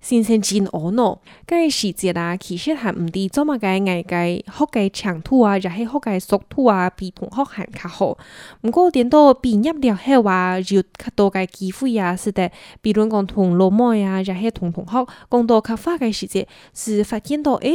先先真我咯，嗰個時節啦，其實還唔知做乜嘅藝計學嘅長度啊，就係學嘅速度啊，比同學還較好。不過點到畢業了係話，就較多嘅機會啊，是的，比如講同老妹啊，就係同同學，講到較發嘅時節，是發現到誒。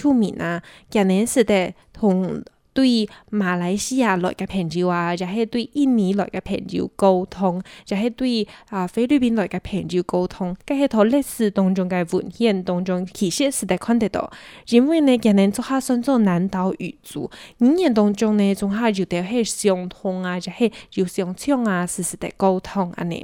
出名啊，近年是的同對馬來西亞來嘅朋友啊，就係對印尼來嘅朋友溝通，就係對啊、呃、菲律賓來嘅朋友溝通，甲迄套歷史當中嘅文獻當中其實是睇看得到，因為呢今年做較算做南島語族語言當中呢，仲下有啲係相通啊，就係有相像啊，實時溝通安尼。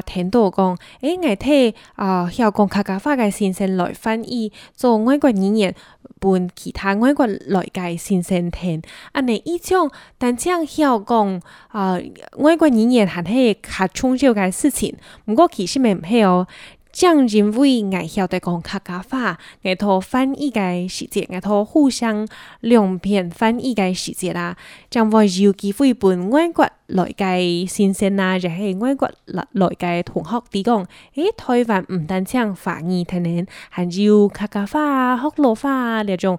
聽到講，誒、欸，我睇啊，曉講客家話嘅先生來翻譯，做外國語言本，其他外國來嘅先生聽。啊，你以前但這樣曉講，啊、呃，外國語言還係卡重要嘅事情，唔過其實唔係哦。蔣仁偉愛曉得講客家話，愛托翻譯嘅時節，愛托互相兩邊翻譯嘅時節啦。將來要記一本外國來嘅先生啊，就係外國來來嘅同學提供。誒，台灣唔但止有方言、還有客家話、福佬話兩種。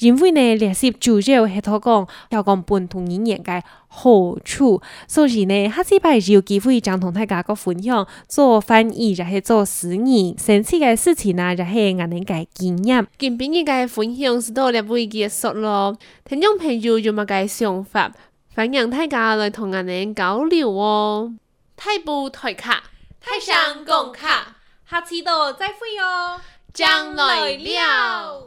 因為呢，學習就要學他講，要講本土語言嘅好處。所以呢，下禮拜有機會，將同大家個分享，做翻譯就係做實驗，神奇嘅事情呢就係 𠊎 等嘅經驗。近邊朝嘅分享是到呢，不會結束咯。聽眾朋友有乜嘅想法，歡迎大家來同 𠊎 等交流哦。台步退卡，台上講卡，卡，下次都再會哦。將來了。